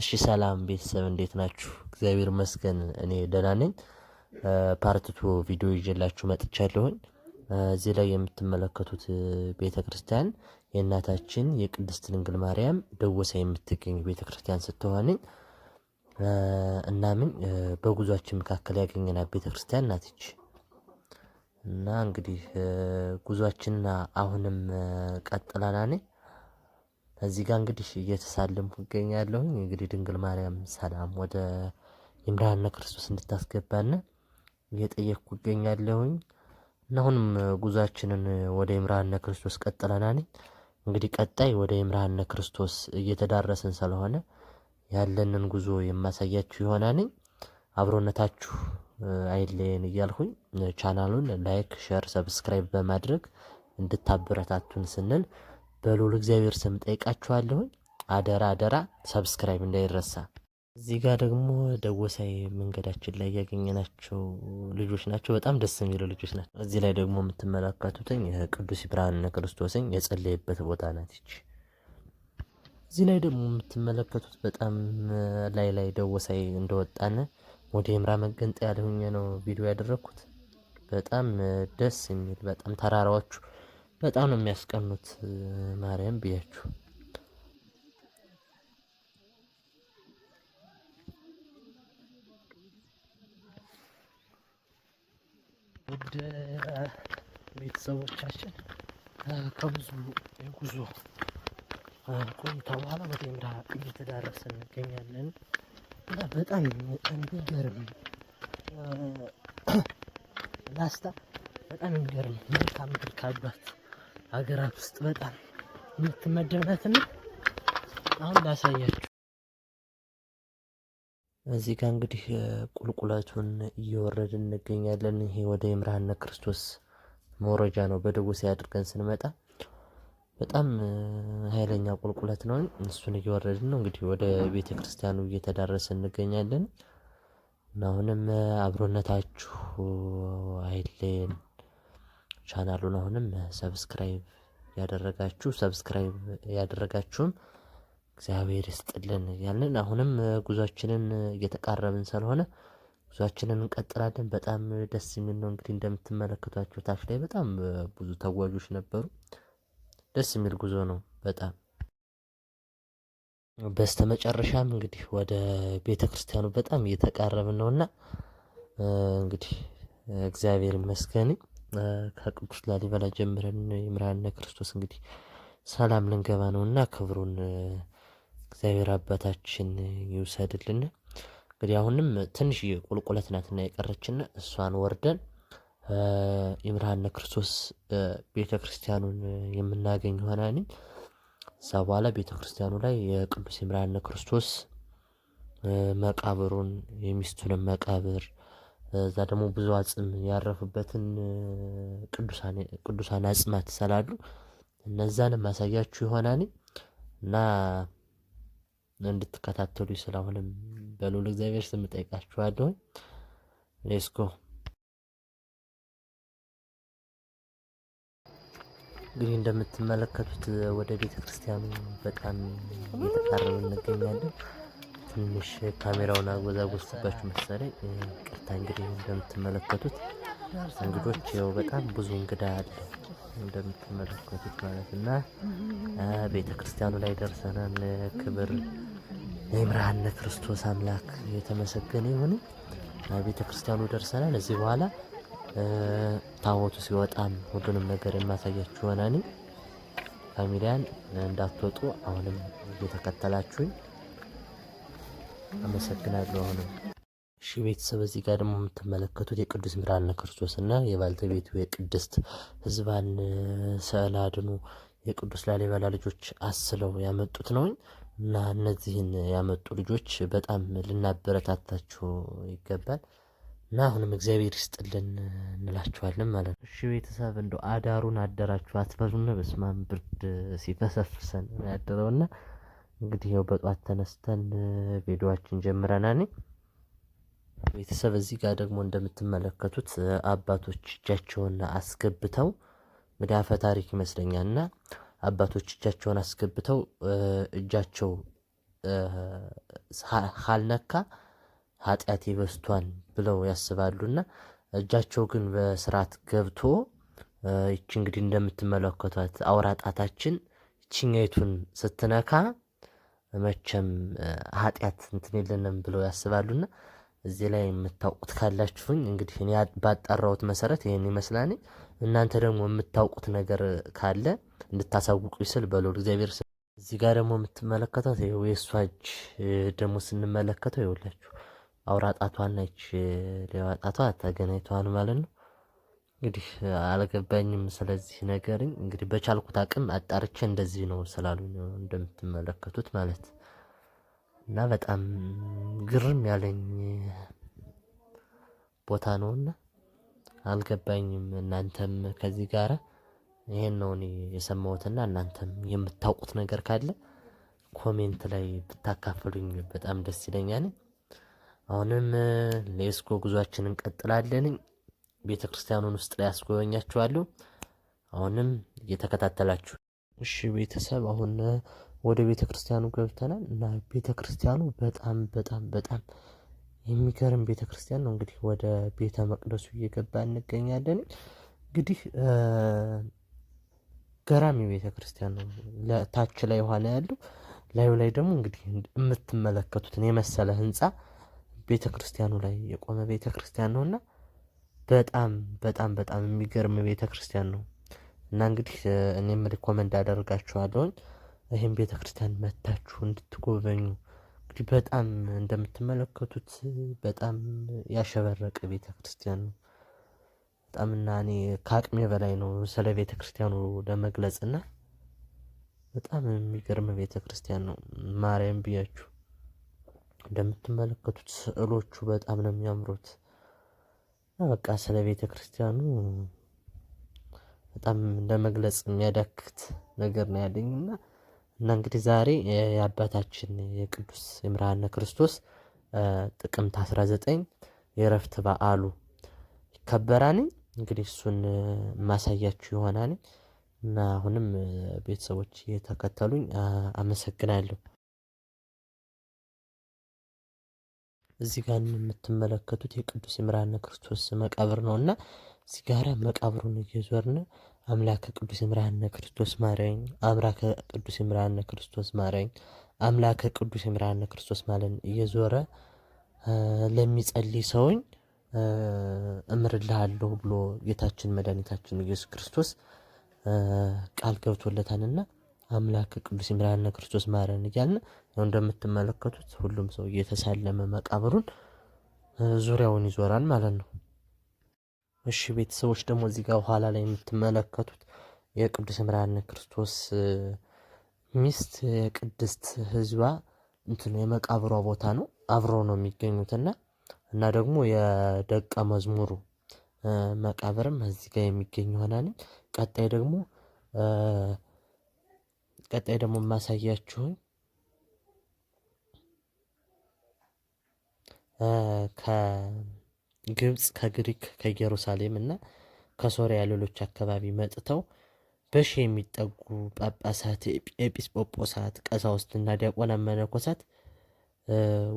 እሺ ሰላም ቤተሰብ እንዴት ናችሁ? እግዚአብሔር ይመስገን እኔ ደህና ነኝ። ፓርትቱ ቪዲዮ ይዤላችሁ መጥቻለሁኝ። እዚህ ላይ የምትመለከቱት ቤተ ክርስቲያን የእናታችን የቅድስት ድንግል ማርያም ደወሳ የምትገኝ ቤተ ክርስቲያን ስትሆንኝ እና በጉዟችን መካከል ያገኘናት ቤተ ክርስቲያን ናትች እና እንግዲህ ጉዟችንና አሁንም ቀጥላናኔ እዚህ ጋር እንግዲህ እየተሳለምኩ እገኛለሁኝ እንግዲህ ድንግል ማርያም ሰላም ወደ ይምርሃነ ክርስቶስ እንድታስገባን እየጠየቅኩ እገኛለሁኝ። እና አሁንም ጉዟችንን ወደ ይምርሃነ ክርስቶስ ቀጥለናል። እንግዲህ ቀጣይ ወደ ይምርሃነ ክርስቶስ እየተዳረስን ስለሆነ ያለንን ጉዞ የማሳያችሁ ይሆናል። አብሮነታችሁ አይለየን እያልሁኝ ቻናሉን ላይክ፣ ሸር፣ ሰብስክራይብ በማድረግ እንድታበረታቱን ስንል በልዑል እግዚአብሔር ስም ጠይቃችኋለሁኝ። አደራ አደራ ሰብስክራይብ እንዳይረሳ። እዚህ ጋር ደግሞ ደወሳይ መንገዳችን ላይ ያገኘናቸው ልጆች ናቸው። በጣም ደስ የሚሉ ልጆች ናቸው። እዚህ ላይ ደግሞ የምትመለከቱትኝ ቅዱስ ብርሃንና ክርስቶስኝ የጸለየበት ቦታ ናት ይች። እዚህ ላይ ደግሞ የምትመለከቱት በጣም ላይ ላይ ደወሳይ እንደወጣን ወደ የምራ መገንጠያ ያለሁኝ ነው ቪዲዮ ያደረግኩት። በጣም ደስ የሚል በጣም ተራራዎቹ በጣም ነው የሚያስቀኑት። ማርያም ብያችሁ ውድ ቤተሰቦቻችን ከብዙ የጉዞ ቆይታ በኋላ ወደ ምራ እየተዳረሰ እንገኛለን። በጣም የሚገርም ላስታ፣ በጣም የሚገርም መልካም ምድር ካሏት ሀገራት ውስጥ በጣም የምትመደበት ነው። አሁን ላሳያችሁ። እዚህ ጋር እንግዲህ ቁልቁለቱን እየወረድን እንገኛለን። ይሄ ወደ የምርሃነ ክርስቶስ መውረጃ ነው። በደጎሴ አድርገን ስንመጣ በጣም ኃይለኛ ቁልቁለት ነው። እሱን እየወረድን ነው እንግዲህ ወደ ቤተ ክርስቲያኑ እየተዳረሰ እንገኛለን። አሁንም አብሮነታችሁ አይለየን። ቻናሉን አሁንም ሰብስክራይብ ያደረጋችሁ ሰብስክራይብ ያደረጋችሁም እግዚአብሔር ይስጥልን እያልን አሁንም ጉዟችንን እየተቃረብን ስለሆነ ጉዟችንን እንቀጥላለን። በጣም ደስ የሚል ነው። እንግዲህ እንደምትመለከቷቸው ታች ላይ በጣም ብዙ ተጓዦች ነበሩ። ደስ የሚል ጉዞ ነው በጣም በስተመጨረሻም እንግዲህ ወደ ቤተ ክርስቲያኑ በጣም እየተቃረብን ነውና እንግዲህ እግዚአብሔር ይመስገን። ከቅዱስ ላሊበላ ጀምረን ይምርሃነ ክርስቶስ እንግዲህ ሰላም ልንገባ ነውና ክብሩን እግዚአብሔር አባታችን ይውሰድልን። እንግዲህ አሁንም ትንሽ ቁልቁለት ናትና የቀረችን እሷን ወርደን ይምርሃነ ክርስቶስ ቤተ ክርስቲያኑን የምናገኝ ይሆናል። እዛ በኋላ ቤተ ክርስቲያኑ ላይ የቅዱስ ይምርሃነ ክርስቶስ መቃብሩን የሚስቱንም መቃብር እዛ ደግሞ ብዙ አጽም ያረፉበትን ቅዱሳን አጽማት ስላሉ እነዛንም ማሳያችሁ ይሆናል እና እንድትከታተሉ ስላሁንም በሉል እግዚአብሔር ስም እጠይቃችኋለሁ። ሌስኮ እንግዲህ እንደምትመለከቱት ወደ ቤተ ክርስቲያኑ በጣም እየተቃረብ እንገኛለን። ትንሽ ካሜራውን አጎዛጎዝኩባችሁ መሰለኝ። ቅርታ እንግዲህ እንደምትመለከቱት እንግዶች ያው በጣም ብዙ እንግዳ አለ እንደምትመለከቱት ማለት እና ቤተ ክርስቲያኑ ላይ ደርሰናል። ክብር ለይምርሃነ ክርስቶስ አምላክ የተመሰገነ ይሁን። ቤተ ክርስቲያኑ ደርሰናል። እዚህ በኋላ ታቦቱ ሲወጣም ሁሉንም ነገር የማሳያችሁ ሆናኔ። ፋሚሊያን እንዳትወጡ አሁንም እየተከተላችሁኝ አመሰግናለሁ። አሁንም እሺ ቤተሰብ እዚህ ጋር ደግሞ የምትመለከቱት የቅዱስ ምራነ ክርስቶስ እና የባልተቤቱ የቅድስት ህዝባን ስዕል አድኑ የቅዱስ ላሊበላ ልጆች አስለው ያመጡት ነው እና እነዚህን ያመጡ ልጆች በጣም ልናበረታታችሁ ይገባል እና አሁንም እግዚአብሔር ይስጥልን እንላችኋለን ማለት ነው። እሺ ቤተሰብ እንደ አዳሩን አደራችሁ አትበሉና፣ በስመ አብ ብርድ ሲፈሰፍሰን ያደረውና እንግዲህ ያው በጧት ተነስተን ቪዲዮአችን ጀምረናል። ቤተሰብ እዚህ ጋር ደግሞ እንደምትመለከቱት አባቶች እጃቸውን አስገብተው እንግዲህ አፈ ታሪክ ይመስለኛል እና አባቶች እጃቸውን አስገብተው እጃቸው ካልነካ ኃጢአት ይበስቷል ብለው ያስባሉና እጃቸው ግን በስርዓት ገብቶ ይቺ እንግዲህ እንደምትመለከቷት አውራጣታችን ችኛይቱን ስትነካ መቼም ኃጢአት እንትን የለንም ብለው ያስባሉና እዚህ ላይ የምታውቁት ካላችሁኝ እንግዲህ እኔ ባጣራሁት መሰረት ይህን ይመስላል። እናንተ ደግሞ የምታውቁት ነገር ካለ እንድታሳውቁ ይስል በሎ እግዚአብሔር ስ እዚህ ጋር ደግሞ የምትመለከቷት የእሷ እጅ ደግሞ ስንመለከተው ይኸውላችሁ አውራ ጣቷና ይች ሌዋ ጣቷ ተገናኝተዋል ማለት ነው። እንግዲህ አልገባኝም ስለዚህ ነገርኝ እንግዲህ በቻልኩት አቅም አጣርቼ እንደዚህ ነው ስላሉ እንደምትመለከቱት ማለት እና በጣም ግርም ያለኝ ቦታ ነውና አልገባኝም። እናንተም ከዚህ ጋር ይሄን ነው እኔ የሰማሁትና እናንተም የምታውቁት ነገር ካለ ኮሜንት ላይ ብታካፍሉኝ በጣም ደስ ይለኛል። አሁንም ለኤስኮ ጉዟችን እንቀጥላለን። ቤተ ክርስቲያኑን ውስጥ ላይ አስጎበኛችኋለሁ። አሁንም እየተከታተላችሁ እሺ ቤተሰብ፣ አሁን ወደ ቤተ ክርስቲያኑ ገብተናል እና ቤተ ክርስቲያኑ በጣም በጣም በጣም የሚገርም ቤተ ክርስቲያን ነው። እንግዲህ ወደ ቤተ መቅደሱ እየገባ እንገኛለን። እንግዲህ ገራሚ ቤተ ክርስቲያን ነው። ታች ላይ ኋላ ያለው ላዩ ላይ ደግሞ እንግዲህ የምትመለከቱትን የመሰለ ህንፃ ቤተ ክርስቲያኑ ላይ የቆመ ቤተ ክርስቲያን እና። በጣም በጣም በጣም የሚገርም ቤተክርስቲያን ነው። እና እንግዲህ እኔም ሪኮመንድ አደርጋችኋለሁኝ ቤተ ቤተክርስቲያን መታችሁ እንድትጎበኙ እንግዲህ በጣም እንደምትመለከቱት በጣም ያሸበረቀ ቤተክርስቲያን ነው። በጣም እና እኔ ከአቅሜ በላይ ነው ስለ ክርስቲያኑ ለመግለጽ እና በጣም የሚገርም ቤተክርስቲያን ነው። ማርያም ብያችሁ እንደምትመለከቱት ስዕሎቹ በጣም ነው የሚያምሩት። በቃ ስለ ክርስቲያኑ በጣም ለመግለጽ የሚያዳክት ነገር ነው ያለኝ እና እና እንግዲህ ዛሬ የአባታችን የቅዱስ ይምርሃነ ክርስቶስ ጥቅምት 19 የእረፍት በዓሉ ይከበራል። እንግዲህ እሱን ማሳያችሁ ይሆናል እና አሁንም ቤተሰቦች የተከተሉኝ አመሰግናለሁ። እዚህ ጋር የምትመለከቱት የቅዱስ ይምርሃነ ክርስቶስ መቃብር ነው እና እዚህ ጋር መቃብሩን እየዞርን አምላከ ቅዱስ ይምርሃነ ክርስቶስ ማረኝ፣ አምላከ ቅዱስ ይምርሃነ ክርስቶስ ማረኝ፣ አምላከ ቅዱስ ይምርሃነ ክርስቶስ ማለን እየዞረ ለሚጸልይ ሰውኝ እምርልሃለሁ ብሎ ጌታችን መድኃኒታችን ኢየሱስ ክርስቶስ ቃል ገብቶለታልና አምላክ ቅዱስ ይምራን ክርስቶስ ማረን እያልን ያው እንደምትመለከቱት ሁሉም ሰው እየተሳለመ መቃብሩን ዙሪያውን ይዞራል ማለት ነው። እሺ ቤተሰቦች ደግሞ እዚህ ጋር ኋላ ላይ የምትመለከቱት የቅዱስ ይምራን ክርስቶስ ሚስት የቅድስት ህዝባ እንትን የመቃብሯ ቦታ ነው። አብሮ ነው የሚገኙትና እና ደግሞ የደቀ መዝሙሩ መቃብርም እዚህ ጋር የሚገኝ ይሆናል። ቀጣይ ደግሞ ቀጣይ ደግሞ የማሳያችሁን ከግብፅ ከግሪክ ከኢየሩሳሌም እና ከሶሪያ ሌሎች አካባቢ መጥተው በሺ የሚጠጉ ጳጳሳት፣ ኤጲስቆጶሳት፣ ቀሳውስትና ዲያቆና መነኮሳት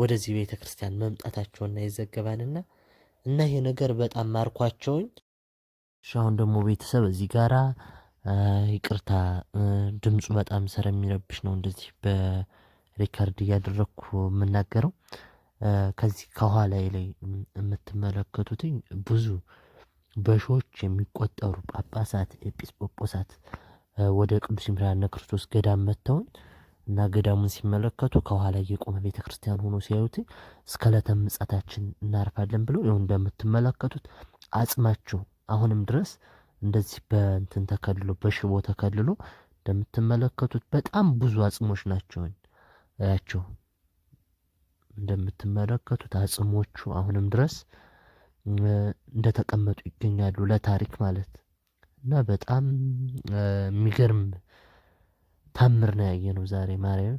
ወደዚህ ቤተ ክርስቲያን መምጣታቸውና ይዘገባልና እና ይሄ ነገር በጣም ማርኳቸውኝ። አሁን ደግሞ ቤተሰብ እዚህ ጋራ ይቅርታ ድምፁ በጣም ስለሚረብሽ ነው እንደዚህ በሪከርድ እያደረግኩ የምናገረው። ከዚህ ከኋላ ላይ የምትመለከቱትኝ ብዙ በሺዎች የሚቆጠሩ ጳጳሳት፣ ኤጲስ ወደ ቅዱስ ይምርሃነ ክርስቶስ ገዳም መጥተውን እና ገዳሙን ሲመለከቱ ከኋላ የቆመ ቤተ ክርስቲያን ሆኖ ሲያዩት እስከ ዕለተ ምጽአታችን እናርፋለን ብሎ ይሁን እንደምትመለከቱት አጽማቸው አሁንም ድረስ እንደዚህ በእንትን ተከልሎ በሽቦ ተከልሎ እንደምትመለከቱት በጣም ብዙ አጽሞች ናቸው ያቸው እንደምትመለከቱት አጽሞቹ አሁንም ድረስ እንደተቀመጡ ይገኛሉ ለታሪክ ማለት እና በጣም የሚገርም ታምር ነው ያየነው ዛሬ ማርያም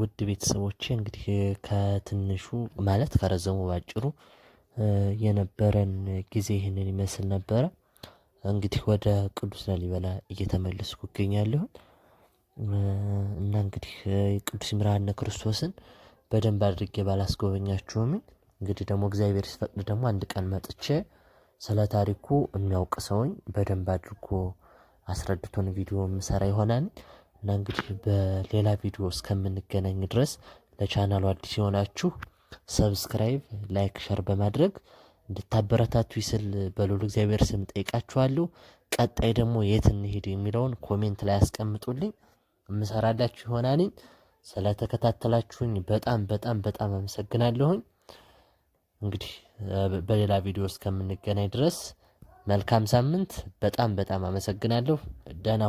ውድ ቤተሰቦች እንግዲህ ከትንሹ ማለት ከረዘሙ በአጭሩ የነበረን ጊዜ ይህንን ይመስል ነበረ። እንግዲህ ወደ ቅዱስ ላሊበላ እየተመለስኩ እገኛለሁ። እና እንግዲህ ቅዱስ ይምርሃነ ክርስቶስን በደንብ አድርጌ ባላስጎበኛችሁም እንግዲህ ደግሞ እግዚአብሔር ሲፈቅድ ደግሞ አንድ ቀን መጥቼ ስለ ታሪኩ የሚያውቅ ሰውኝ በደንብ አድርጎ አስረድቶን ቪዲዮ የምሰራ ይሆናል። እና እንግዲህ በሌላ ቪዲዮ እስከምንገናኝ ድረስ ለቻናሉ አዲስ የሆናችሁ ሰብስክራይብ፣ ላይክ፣ ሸር በማድረግ እንድታበረታቱ ይስል በልዑል እግዚአብሔር ስም ጠይቃችኋለሁ። ቀጣይ ደግሞ የት እንሄድ የሚለውን ኮሜንት ላይ አስቀምጡልኝ፣ እምሰራላችሁ ይሆናል። ስለተከታተላችሁኝ በጣም በጣም በጣም አመሰግናለሁኝ። እንግዲህ በሌላ ቪዲዮ እስከምንገናኝ ድረስ መልካም ሳምንት። በጣም በጣም አመሰግናለሁ። ደህና